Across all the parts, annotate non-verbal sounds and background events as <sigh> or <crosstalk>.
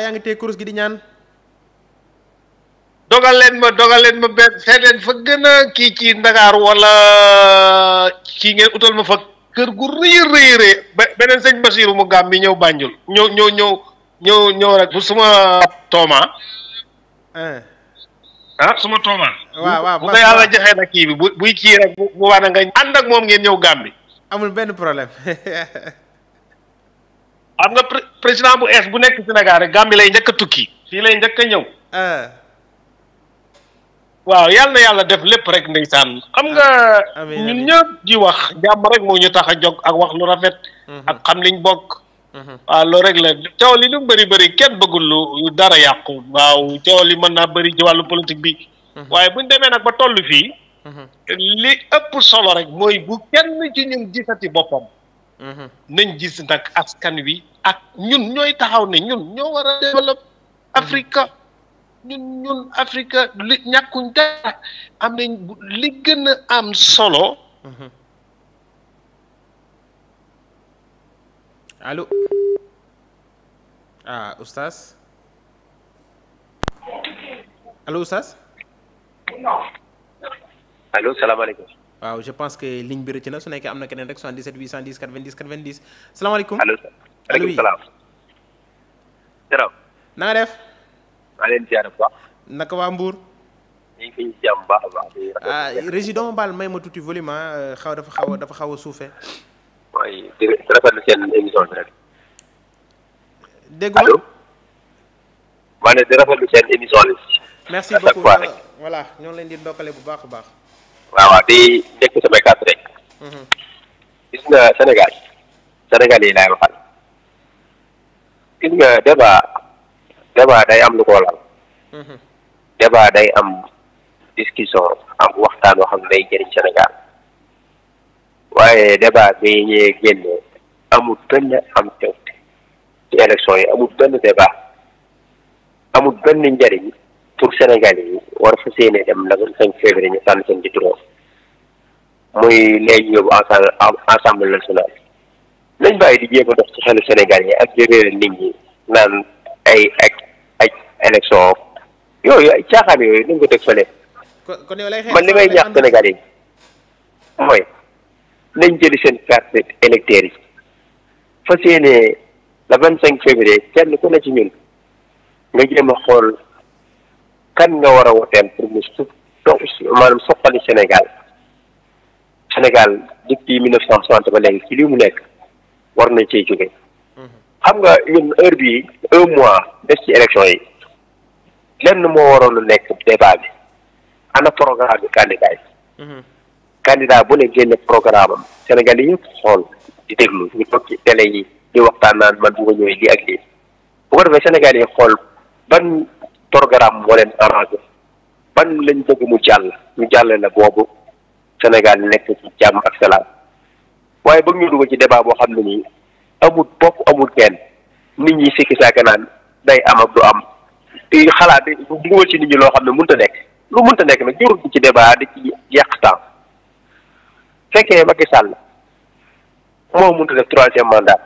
yaa ngi te kurus gi di ñaan. dogal leen ma dogal leen ma benn seet fa gën a kii ci Ndakaaru wala ci ngeen utal ma fa kër gu rëy rëy rëy beneen sëñ Basiru mu gàm bi ñëw Banjul ñëw ñëw ñëw ñëw ñëw rek bu suma tooma eh. ah suma tooma waaw waaw bu ko yàlla joxee na kii bi bu buy kii rek bu bu waa na ànd ak moom ngeen ñëw gàm bi amul benn problème <laughs> xam nga président bu ees bu nekk Sénégal rek Gambie lay njëkk a tukki fii lay njëkk a ñëw. Ah. waaw yal na yàlla def lépp rek ndeysaan xam nga ah. ñun ñëpp di wax jàmm rek moo ñu tax a jog ak wax lu rafet. Mhm. ak xam liñ bokk. Mhm. waaw loolu rek la coow li lu bëri bari kenn bëggul lu dara yàqu waaw coow li mën naa bëri ci wàllu politique bi. Mhm. waaye buñ demee nag ba toll fii. li ëpp solo rek mooy bu kenn ci ñun gisati boppam. nañ gis ndakk askan wi ak ñun ñooy taxaw ne ñun ñoo war a développer Afrique ñun ñun Afrique ñàkkuñ dara am nañ li gën a am solo. allo ah oustaz waaw je pense que ligne bi rëcc na su nekkee am na keneen rek 77 810 90 90 salaamaaleykum. allo maaleykum salaam. Jaraw. def. maa leen ziar bu naka waa Mbour. ñu ah, doomu baal may ma tuuti volume ah, euh, xaw dafa xaw a dafa xaw a suufee. mooy di rafetlu seen émission bi rek. dégg merci beaucoup euh, voilà ñoo leen di ndokkale bu baax a baax. waaw waaw day nekk samay kàddu rek. Mhm. gis nga Sénégal Sénégal yi laay waxal gis nga day am lu ko lal. Mhm. débat day am discussion am waxtaan woo xam ne day jëriñ Sénégal waaye débat bi ñee génne amul benn am ci élection yi amul benn débat amul benn njëriñ pour Sénégal yi war fa séenee dem la vingt ñu sànn seen di turóom mooy léegi yóbbu ensemble ensemble nationale nañ bàyyi di jéem a dox ci xelu Sénégal yi ak di réeral nit ñi naan ay ak yooyu ay caaxaan yooyu nañ ko teg fële. kon man li may ñaax Sénégal yi mooy nañ jëli seen carte électeur yi fas yéene le vingt cinq février kenn ku ne ci ñun nga jéem ma xool kan nga war a woteel pour mu su maanaam soqali Sénégal. Sénégal depuis mille neuf cent ba léegi ci lii mu nekk war na ci jóge xam nga ñun heure bii un mois des ci élection yi lenn moo waroon a nekk débat bi ana programme bi candidat yi mhm. candidat bu ne génne programme am Sénégal yi yëpp xool di déglu ñu toog ci télé yi di waxtaan naan man bu ma ñëwee lii ak lii bu defee Sénégal yi xool ban programme moo leen arrangé ban lañ bëgg mu jàll ñu jàlle la boobu Sénégal nekk ci jàmm ak salaam waaye bëgg ñu dugg ci débat boo xam ne nii amul bopp amul kenn nit ñi sikki saaka naan day am ak du am te xalaat bu dugal ci nit ñi loo xam ne mënta nekk lu mënta nekk nag jurut ci debaa di ci yàq temps fekkee Macky Sall moo mënta def troisième mandat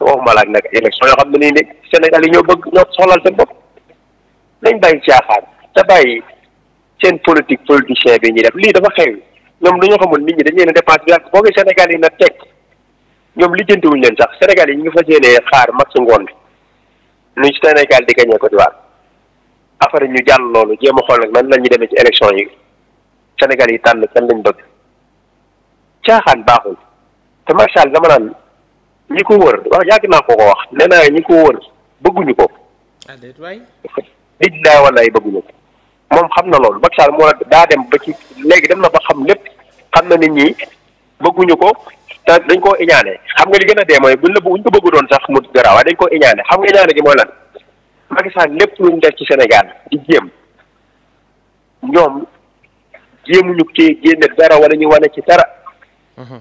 waxuma laaj nag élection yoo xam ne nii nag Sénégal yi ñoo bëgg ñoo soxlaal seen bopp nañ bàyyi caaxaan te bàyyi seen politique politicien bi ñuy def lii dafa xew ñoom dañoo xamul nit ñi dañ leen a dépassé bi ak boo ko Sénégal yi na teg ñoom lijjantiwuñ leen sax Sénégal yi ñu ngi fas yéenee xaar match ngoon bi nu Sénégal di gagné Côte d'Ivoire après ñu jàll loolu jéem a xool nag nan la ñu demee ci élection yi senegal yi tànn kan lañ bëgg caaxaan baaxul te Martial dama naan ñi ko wër wax yàgg naa ko ko wax nee naa ñi ko wër bëgguñu ko. lij laa walaay bëgguñu ko moom xam na loolu Martial moo daa dem ba ci léegi dem na ba xam lépp. xam na nit ñi bëgguñu ko te dañ koo iñaane xam nga li gën a dee mooy buñ la buñ ko bëggu doon sax mu garaaw waaye dañ koo iñaane xam nga iñaane gi mooy lan Macky Sall lépp luñ def ci Sénégal di jéem ñoom jéemuñu ci génne dara wala ñu wane ci dara mhm.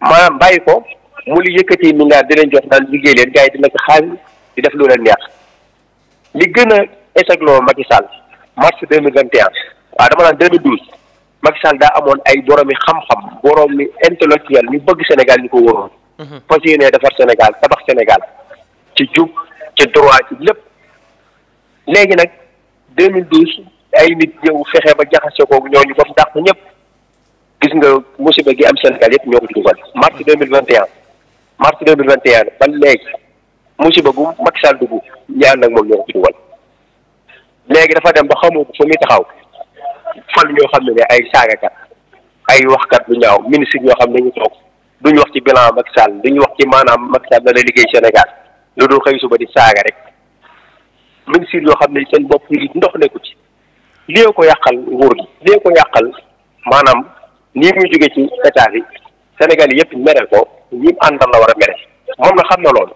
maanaam bàyyi ko mu li yëkkati milliard di leen jox naan liggéey leen gars yi dina ko xaalis di def lu leen neex li gën a échec loo Macky Sall mars deux mille vingt et un dama naan deux mille douze Macky Sall daa amoon ay boroomi xam-xam boroomi intellectuel ñu bëgg Sénégal ñu ko wóoroon. Mhm. fas yéenee defar Sénégal tabax Sénégal ci jub ci droit ci lépp léegi nag 2012 ay nit ñëw fexe ba jaxase kook ñoo ñu ko mu dàq ñëpp gis nga musiba gi am Sénégal yëpp ñoo ko dugal mars 2021 mars 2021 ba léegi musiba gu Macky Sall dugg ñaan nag moom ñoo ko dugal léegi dafa dem ba xamoo fu muy taxaw. fal ñoo xam ne ne ay saagakat ay waxkat bu ñaaw ministre ñoo xam ne ñu toog duñu wax ci bilan Macky Sall duñu wax ci maanaam Macky Sall dana liggéey Sénégal lu dul xëy suba di saaga rek ministre yoo xam ne seen bopp yi ndox nekku ci lii ko yàqal nguur gi lii ko yàqal maanaam nii muy jóge ci état yi Sénégal yëpp mereel ko ñi àndal la war a mere moom na xam na loolu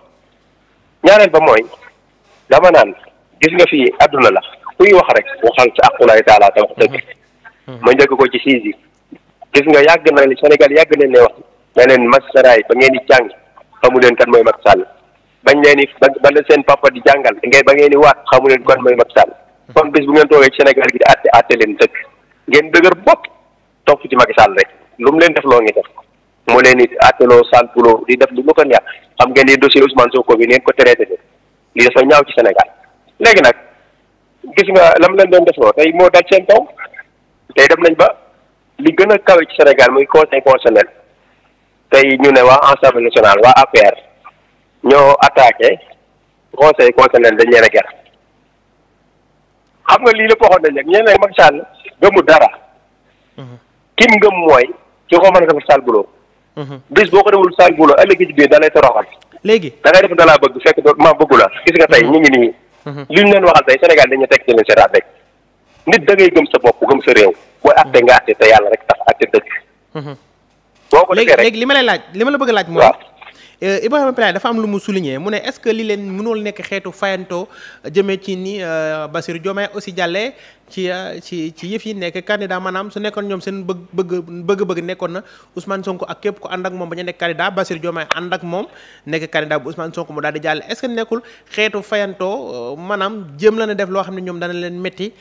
ñaareel ba mooy dama naan gis nga fii àdduna la kuy wax rek waxal sa aqulaay taala te wax dëgg mm-hmm. ma njëkk ko ci siis yi gis nga yàgg na li Sénégal yàgg nañ ne wax ne leen masaraay ba ngeen di jàng xamu leen kan mooy mag Sall bañ leen di ba la seen papa di jàngal ngay ba ngeen di waat xamu leen kan mooy Macky Sall mm-hmm. kon bis bu ngeen toogee senegal gi di àtte àtte leen dëkk ngeen dëgër bopp topp ci mag Sall rek lu mu leen def loo ngi def mu leen di àtteloo salpuloo di def lu mu ko neex xam ngeen ni dossier Ousmane ko bi neen ko traité de lii ñaaw ci Sénégal léegi nag gis nga lam leen doon def defoo tey moo daj seen kaw tey dem nañ ba li gën a kawe ci senegal muy conseil constitutionnel tey ñu ne waa assemblée nationale waa APR ñoo attaqué conseil constitutionnel dañ leen a ger xam nga lii lépp waxoon ne nag ñeneen Macky Sall gëmu dara mhm. kim ngëm mooy ci ko mën a defal sal bis boo ko deful sal bouloo ëllëg ci biir da lay toroxal léegi da ngay def dalaa bëgg fekk ma bëggu gis nga tey mhm. ñu ngi nii Mhm. li ñu leen waxal tey Sénégal dañu teg ci leen seetaat rek nit gëm sa bopp gëm sa réew booy atte nga atte te yàlla rek tax atte dëgg mhm. boo ko rek léegi li ma lay laaj li ma la bëgg a laaj mooy Euh, Ibrahima Pelaye dafa am lu mu souligner mu ne est-ce que li leen mënul nekk xeetu fayanto jëmee ci ni euh, Bassirou Diomaye aussi jàllee ci euh, ci ci yëf yi nekk candidat maanaam su nekkoon ñoom seen bëgg bëgg bëgg-bëgg nekkoon na Ousmane Sonko ak képp ku ànd moom ba ñu nekk candidat Bassirou Diomaye ànd ak moom nekk candidat bu Ousmane Sonko mu daal di jàll est-ce que maanaam jëm la na def loo xam ne ñoom dana leen métti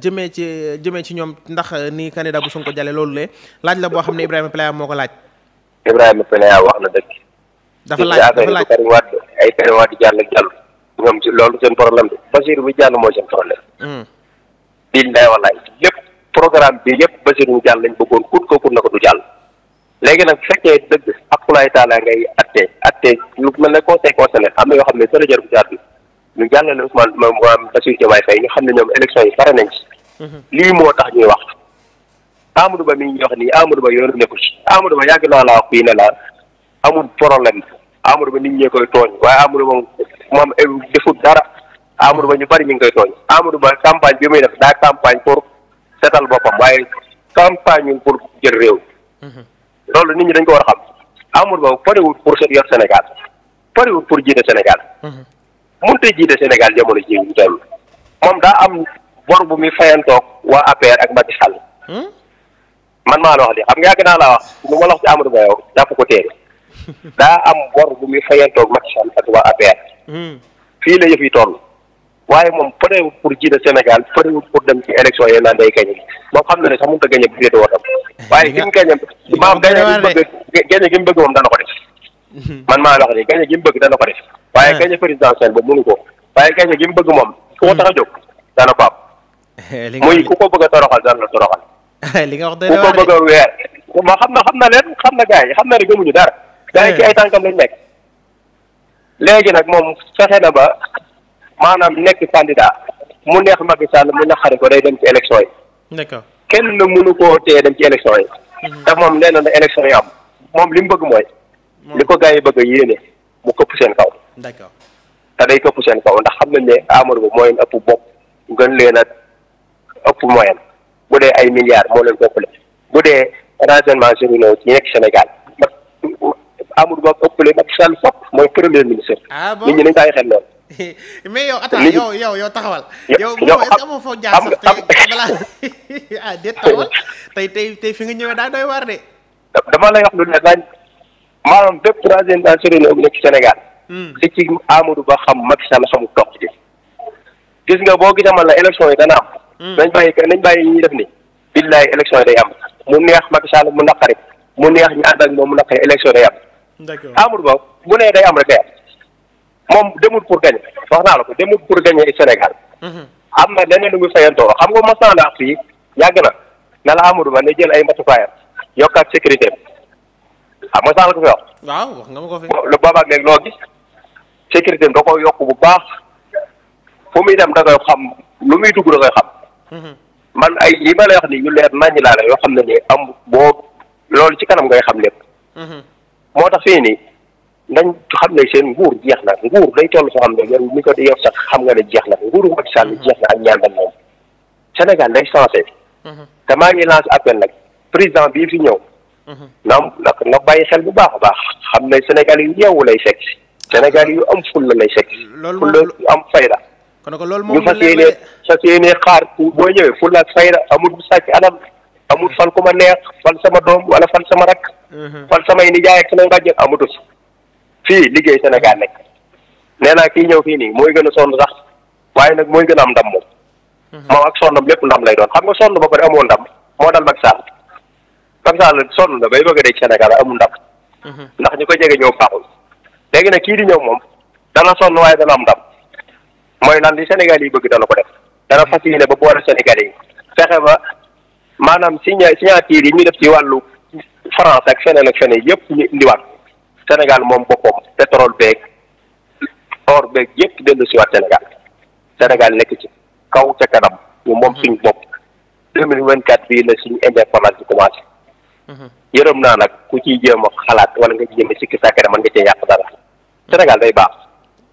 jëmee ci jëmee ci ñoom ndax ni candidat bu Sonko jàllee loolu le laaj la boo xam ne Ibrahima Pelaye moo ko laaj Ibrahima Pelaye wax na dëgg dafa laaj dafa laaj Karim Wade ay Karim Wade jàll ak jàll loolu seen problème bi Basiir bu jàll mooy seen problème. Hmm. biñ lay walaay lépp programme bi lépp Basiir bu jàll lañ bëggoon kut ko kut na ko du jàll. léegi nag fekkee dëgg akulaay taala ngay attee attee lu mel ne conseil constitutionnel am na yoo xam ne dara jar bu jaar bi ñu jàllale Ousmane xam ne ñoom élection yi pare nañ ci. Hmm. lii moo tax ñuy wax Ba mi ñu wax nii Amadou Ba yoonu nekku ci Amadou Ba yàgg naa laa wax fii ne la amul problème Amadou Ba nit ñee koy tooñ waaye Amadou Ba ñu bari ñu ngi koy tooñ Amadou Ba campagne bi muy def daa campagne pour setal boppam waaye campagne ñu pour jël réew. Mhm. loolu nit ñi dañ ko war a xam Amadou Ba pariwul pour yor Sénégal pariwul pour jiite Sénégal. mënut mhm. a jiite Sénégal jamono jii ñu moom daa am bor bu muy fayantoog waa APR ak Macky hmm? man maa la wax de xam nga yàgg naa laa wax lu ma la ci Amadou Ba yow jàpp ko teere daa am bor bu muy fayantoog Macky Sall ak a APR. Hmm. fii la yëf yi toll. waaye moom parewut pour jiite Sénégal parewut pour dem ci élection yi naan day gañe moom xam na ne a gañe bu féete wootam waaye ki mu gañe <laughs> maam gañe gi mu bëgg gañe gi mu bëgg moom dana ko def hmm. la wax nii gañe gi mu bëgg dana ko def waaye hmm. gañe ko waaye gañe gi mu bëgg ko tax a eh, a <laughs> eh, li nga wax doy na ku ko bëgg a weer ma xam na xam na leen xam na gars xam na ne gëmuñu dara gars yi ci ay tànkam lañ nekk léegi nag moom fexe na ba maanaam nekk candidat mu neex Macky Sall mu naqari ko day dem ci élection yi kenn mënu koo téye dem ci élection yi mhm. ndax moom nee na na yi am moom li mu bëgg mooy li ko gay bëgg a yéene mu këpp seen kaw te day këpp seen kaw ndax xam nañ ne Amadou Ba mooy ëpp bopp gën leen a ëpp moyen bu dee ay milliards moo leen boppale bu dee renseignements généraux ci nekk Sénégal Amadou Ba ëppale Macky Sall fopp mooy premier ministre. ah bon nit ñi dañu bàyyi xel lool. <laughs> mais yow attends yow yow yow taxawal. yow yow amoo foo jaar sax tey balaa <laughs> ah déet taxawal tey tey tey fi lu ne daañu maanaam bépp troisième transfert bu nekk ci Sénégal. Hmm. li ci Amadou Ba xam Macky Sall xamul toog ci. gis nga boo gisee man la élection yi dana am. Hmm. nañ bàyyi nañ bàyyi ñuy def ni billaay élection yi day am mu neex Macky mu naqari mu neex ñu ànd ak moom mu naqari élection day am. d'accord Amadou Ba bu nee day am rek day am moom demul pour gagner wax naa la ko demul pour gagner Sénégal. Mhm. am na leneen lu muy fayantoo xam nga mosaan la fii yàgg na na la Amadou Ba ne jël ay matukaayam yokkaat sécurité bi xam ah, nga sax la ko fi wax. waaw wax nga ma ko fi. lu loo gis sécurité bi yokk bu baax fu muy dem da xam lu muy dugg da koy xam. Mhm. man ay yi ma lay wax nii ñu leer naññ laa la yoo xam ne nii am boo loolu ci kanam ngay xam lépp. Mhm. moo tax fii nii nañ xam ne seen nguur jeex na nguur day toll foo xam ne yow mi ko yow sax xam nga ne jeex na nguuru Macky Sall mm-hmm. jeex na ak ñaandal moom Sénégal day changé mm-hmm. te maa ngi lancé appel nag président bii fi ñëw mm-hmm. na nag na bàyyi xel bu baax a baax xam ne Sénégal yu yeewu lay fekk si Sénégal yu am fulla lay fekk si fulla yu am fayda ñu fas yéenee fas yéenee xaar boo ñëwee fulla ak fayda amul bu sàcc anam amul fal ku ma neex fan sama doom wala fan sama rakk. Mhm. fal samay nijaay ak samay bàjjen amatul fii liggéey senegal nekk nee naa kii ñëw fii nii mooy gën a sonn sax waaye nag mooy gën a am ndam moom. Mhm. moom ak lépp ndam lay doon xam nga sonn ba pare amoo ndam moo dal Macky Sall Macky Sall sonn na bay bëgg a dee amul ndam. Mhm. ndax ñu ko jege ñoo baaxul. léegi nag kii ñëw moom dana sonn waaye dana am ndam mooy lan di Sénégal yi bëgg dana ko def dana fas yéene ba boole Sénégal yi fexe ba maanaam signa signature yi ñu def ci wàllu France ak feneen ak feneen yëpp ñu indiwaat Sénégal moom boppam pétrole beeg or beeg yëpp dellu si waat Sénégal Sénégal nekk ci kaw ca kanam ñu moom mhm. suñu bopp deux mille vingt quatre bii la suñu indépendance bi commencé mhm. yërëm naa nag ku ci jéem a xalaat wala nga jéem a sikki sàkkare mën nga cee yàq dara mhm. Sénégal day baax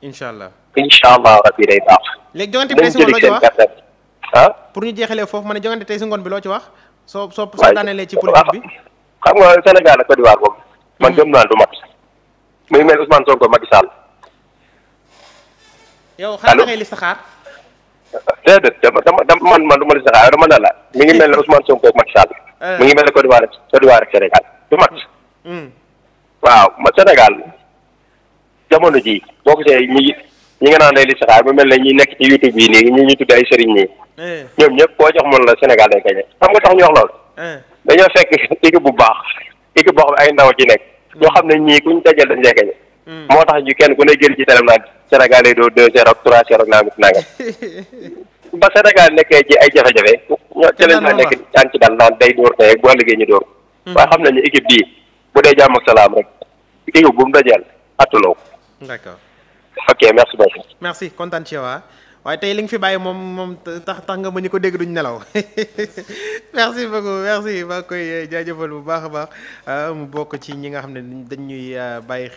incha allah incha allah rabbi day baax léegi joŋante presse moo la jox ah. pour ñu jeexalee foofu ma ne jongante tey si ngoon bi loo ci wax. soo soo soo daanelee ci politique bi xam nga Sénégal ak Côte d'Ivoire boobu. man hmm. gëm du mat. muy mel Ousmane Sonko Macky Sall. yow xanaa da ngay li saxaar. déedéet dama dama ma li mi ngi mel ne Ousmane Sonko ak Macky Sall. Eh. mi ngi mel ne Côte d'Ivoire Côte d'Ivoire ak Sénégal du mat. Hmm. waaw ma Sénégal jamono ji boo ko see ñi ñi nga naan day li saxaar mu mel ne nekk ci youtube yi nii ñu ñu tudd ay sëriñ nii eh. ñoom ñëpp koo jox mën la Sénégal day gañe xam nga tax ñu wax loolu eh. dañoo fekk <laughs> équipe bu baax équipe boo xam ne ay ndaw ci nekk ñoo hmm. xam ne ñii kuñ dajal dañ lay gañe hmm. moo tax ñu kenn ku ne génn ci télé naan Sénégal yi doo deux zéro trois naa mit nangam <laughs> ba Sénégal nekkee ci ay jafe-jafe ñoo ci lañ la nekk daan ci dal naan day dóor tey bu ëllëgee ñu dóor hmm. waaye xam nañu équipe bii bu dee jàmm salaam rek équipe bu mu dajal attuloo ko ok merci beaucoup. merci kontaan waa yow ah. waaye tey li nga fi bàyyi moom moom tax tax nga ma ñu ko dégg duñu nelaw <laughs> merci beaucoup merci ba ngi koy eh, jaajëfal bu baax a baax ah, mu bokk ci ñi nga xam ne dañ ñuy ah, bàyyi.